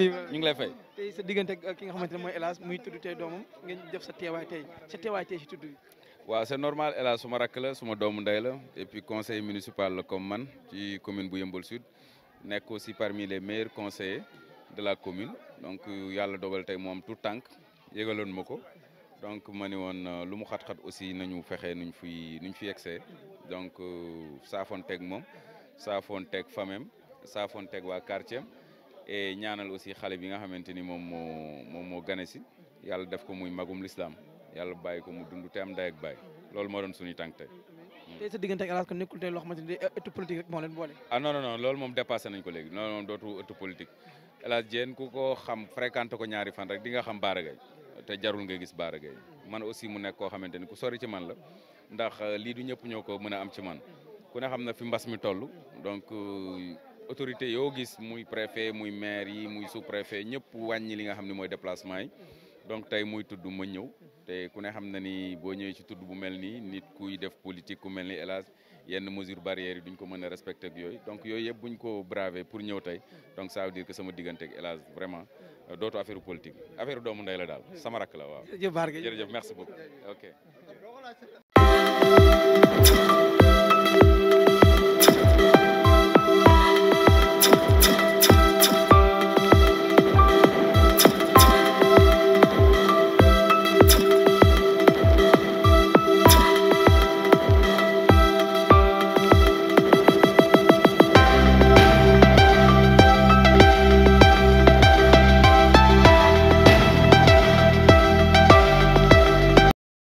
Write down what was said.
tey ngi lay fay. sa diggante ak ki nga xamante ne mooy El Hadj muy tudd tey doomam ngeen def sa teewaay tey sa teewaay tey si tudd bi. waaw c'est normal El suma rakk la suma doomu ndey la et puis conseil municipal la man ci commune bu Yeumbeul Sud nekk aussi parmi les meilleurs conseillers de la commune donc yàlla dogal tey moom tout tànk yëgaloon ma ko. donc ma ne woon euh, lu mu xat-xat aussi nañu fexe nuñ fi nuñ fi yegsee donc euh, saafoon teg moom saafoon teg famem saafoon teg waa quartier et ñaanal aussi xale bi nga xamante ni moom moo moom moo gane si yàlla def ko muy magum lislaam yàlla bàyyi ko mu dund te am day ak bàyyi loolu moo doon suñuy tànk tey. tey sa diggante ak El Hadj kon nekkul tey loo xamante ni ëttu politique rek ah moom dépassé nañ ko léegi non non dootu ëttu politique El Hadj Diène ku ko xam fréquenté ko ñaari fan rek di nga xam Baara Gaye te jarul nga gis Baara Gaye man aussi mu nekk koo xamante ni ku sori ci man la ndax lii du ñëpp ñoo ko mën a am ci man ku ne xam na fi mbas mi to autorité yoo gis muy préfet muy maire yi muy sous préfet ñëpp wàññi li nga xam ne mooy déplacement yi donc tey muy tudd ma ñëw te ku ne xam na ni boo ñëwee ci tudd bu mel nii nit kuy def politique ku mel ni hélas yenn mesure barrières yi duñ ko mën a respecté ak yooyu donc yooyu yëpp ñu ko braver pour ñëw tey donc ça veut dire que sama diggante ak hélas vraiment euh, dootu affaire politique affaire doomu ndey la daal sama rakk la waaw. jërëjëf merci beaucoup ok.